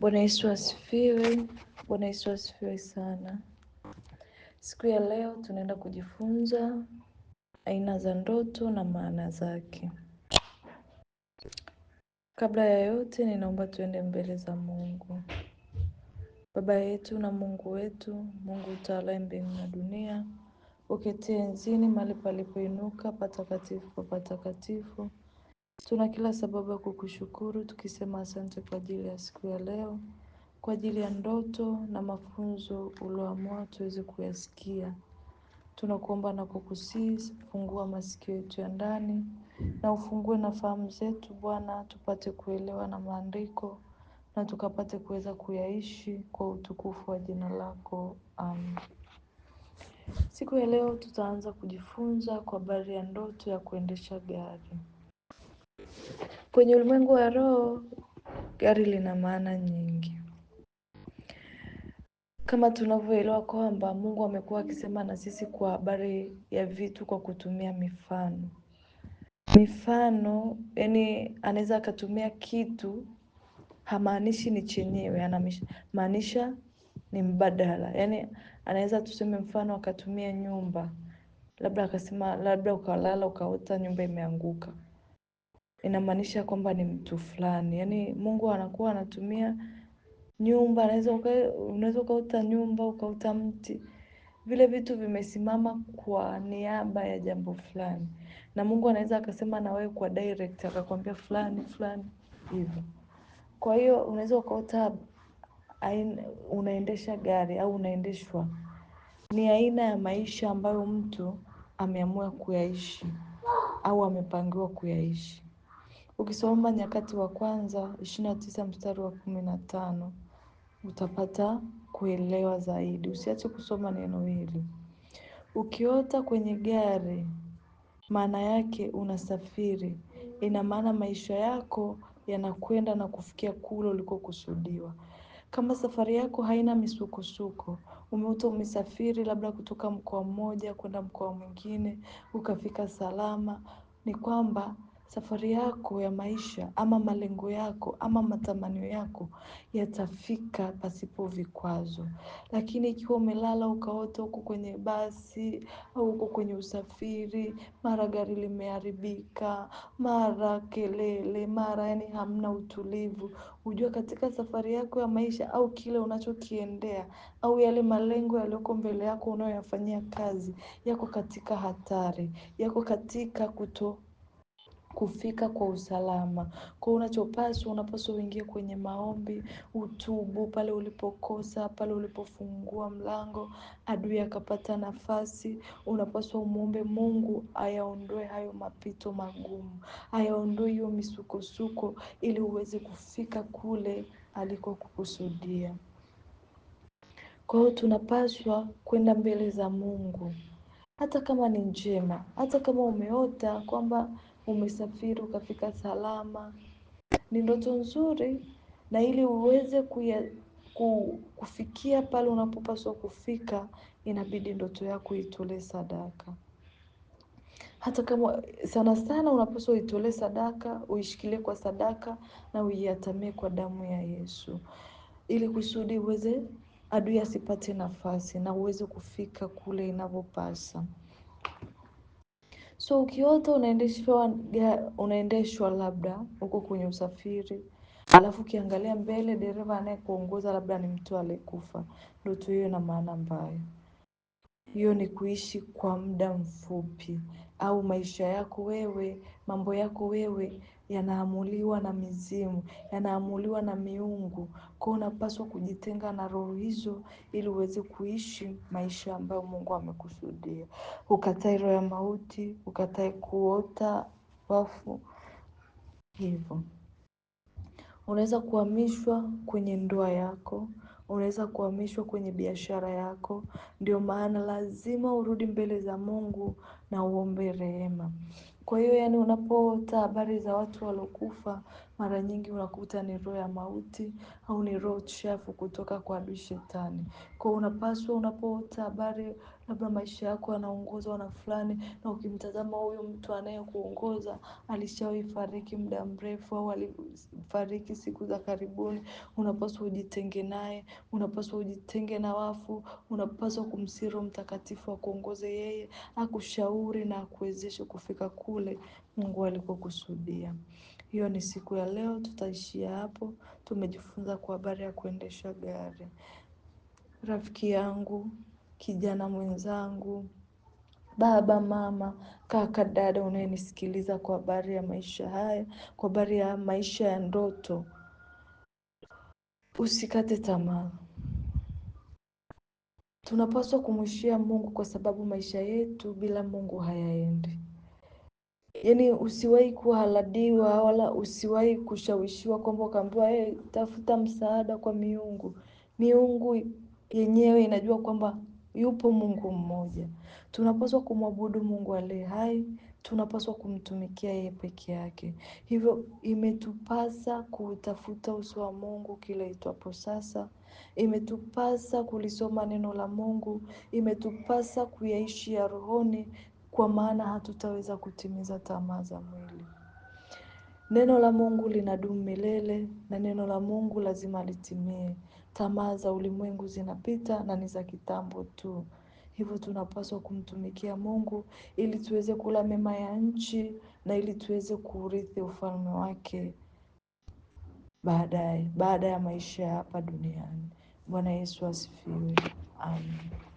Bwana Yesu asifiwe. Bwana Yesu asifiwe sana. Siku ya leo tunaenda kujifunza aina za ndoto na maana zake. Kabla ya yote, ninaomba tuende mbele za Mungu. Baba yetu na Mungu wetu, Mungu utawalaye mbingu na dunia, uketie enzini mahali palipoinuka patakatifu pa patakatifu Tuna kila sababu ya kukushukuru, tukisema asante kwa ajili ya siku ya leo, kwa ajili ya ndoto na mafunzo ulioamua tuweze kuyasikia. Tunakuomba na kukusii, fungua masikio yetu ya ndani, na ufungue na fahamu zetu Bwana, tupate kuelewa na maandiko, na tukapate kuweza kuyaishi kwa utukufu wa jina lako. Amen. Siku ya leo tutaanza kujifunza kwa habari ya ndoto ya kuendesha gari. Kwenye ulimwengu wa roho, gari lina maana nyingi, kama tunavyoelewa kwamba Mungu amekuwa akisema na sisi kwa habari ya vitu kwa kutumia mifano. Mifano yani, anaweza akatumia kitu, hamaanishi ni chenyewe, anamaanisha ni mbadala. Yani anaweza tuseme, mfano akatumia nyumba, labda akasema, labda ukalala ukaota nyumba imeanguka inamaanisha kwamba ni mtu fulani. Yaani Mungu anakuwa anatumia nyumba, unaweza ukauta nyumba, ukauta mti, vile vitu vimesimama kwa niaba ya jambo fulani, na Mungu anaweza akasema na wewe kwa direct, akakwambia fulani fulani hivyo. Kwa hiyo unaweza ukaota unaendesha gari au unaendeshwa, ni aina ya maisha ambayo mtu ameamua kuyaishi au amepangiwa kuyaishi. Ukisoma Nyakati wa kwanza 29 mstari wa 15 utapata kuelewa zaidi. Usiache kusoma neno hili. Ukiota kwenye gari, maana yake unasafiri. Ina maana maisha yako yanakwenda na kufikia kule ulikokusudiwa. Kama safari yako haina misukosuko, umeuta umesafiri labda kutoka mkoa mmoja kwenda mkoa mwingine, ukafika salama, ni kwamba safari yako ya maisha ama malengo yako ama matamanio yako yatafika pasipo vikwazo. Lakini ikiwa umelala ukaota uko kwenye basi au uko kwenye usafiri, mara gari limeharibika, mara kelele, mara yani hamna utulivu. hujua katika safari yako ya maisha au kile unachokiendea au yale malengo yaliyoko mbele yako unayoyafanyia kazi yako katika hatari, yako katika kuto kufika kwa usalama. Kwa unachopaswa, unapaswa uingie kwenye maombi, utubu, pale ulipokosa, pale ulipofungua mlango, adui akapata nafasi, unapaswa umwombe Mungu ayaondoe hayo mapito magumu, ayaondoe hiyo misukosuko ili uweze kufika kule alikokukusudia. Kwa hiyo tunapaswa kwenda mbele za Mungu hata kama ni njema, hata kama umeota kwamba umesafiri ukafika salama. Ni ndoto nzuri na ili uweze kuya, ku, kufikia pale unapopaswa kufika, inabidi ndoto yako itolee sadaka. Hata kama sana sana unapaswa uitolee sadaka, uishikilie kwa sadaka na uiatamie kwa damu ya Yesu, ili kusudi uweze adui asipate nafasi na uweze kufika kule inavyopasa. So ukiota unaendeshwa unaendeshwa labda huko kwenye usafiri, alafu ukiangalia mbele, dereva anayekuongoza labda ni mtu aliyekufa, ndoto hiyo ina maana mbaya. Hiyo ni kuishi kwa muda mfupi, au maisha yako wewe, mambo yako wewe yanaamuliwa na mizimu, yanaamuliwa na miungu. Kwa unapaswa kujitenga na roho hizo ili uweze kuishi maisha ambayo Mungu amekusudia. Ukatae roho ya mauti, ukatae kuota wafu, hivyo. Unaweza kuhamishwa kwenye ndoa yako, unaweza kuhamishwa kwenye biashara yako. Ndio maana lazima urudi mbele za Mungu na uombe rehema. Kwa hiyo yani, unapota habari za watu waliokufa mara nyingi unakuta ni roho ya mauti au ni roho chafu kutoka kwa adui shetani. Kwa unapaswa unapoota habari, labda maisha yako yanaongozwa na fulani, na ukimtazama huyu mtu anayekuongoza alishawahi fariki muda mrefu au alifariki siku za karibuni, unapaswa ujitenge naye, unapaswa ujitenge na wafu, unapaswa kumsiro Mtakatifu akuongoze yeye, akushauri na akuwezeshe kufika kule Mungu alikokusudia. Hiyo ni siku ya leo tutaishia hapo. Tumejifunza kwa habari ya kuendesha gari. Rafiki yangu, kijana mwenzangu, baba, mama, kaka, dada unayenisikiliza kwa habari ya maisha haya, kwa habari ya maisha ya ndoto, usikate tamaa. Tunapaswa kumwishia Mungu kwa sababu maisha yetu bila Mungu hayaendi yani usiwahi kuhaladiwa wala usiwahi kushawishiwa kwamba ukaambiwa hey, eh, tafuta msaada kwa miungu. Miungu yenyewe inajua kwamba yupo Mungu mmoja. Tunapaswa kumwabudu Mungu aliye hai, tunapaswa kumtumikia yeye peke yake. Hivyo imetupasa kutafuta uso wa Mungu kila itwapo sasa, imetupasa kulisoma neno la Mungu, imetupasa kuyaishi ya rohoni, kwa maana hatutaweza kutimiza tamaa za mwili. Neno la Mungu linadumu milele na neno la Mungu lazima litimie. Tamaa za ulimwengu zinapita na ni za kitambo tu. Hivyo tunapaswa kumtumikia Mungu ili tuweze kula mema ya nchi na ili tuweze kuurithi ufalme wake baadaye, baada ya maisha hapa duniani. Bwana Yesu asifiwe. Amen.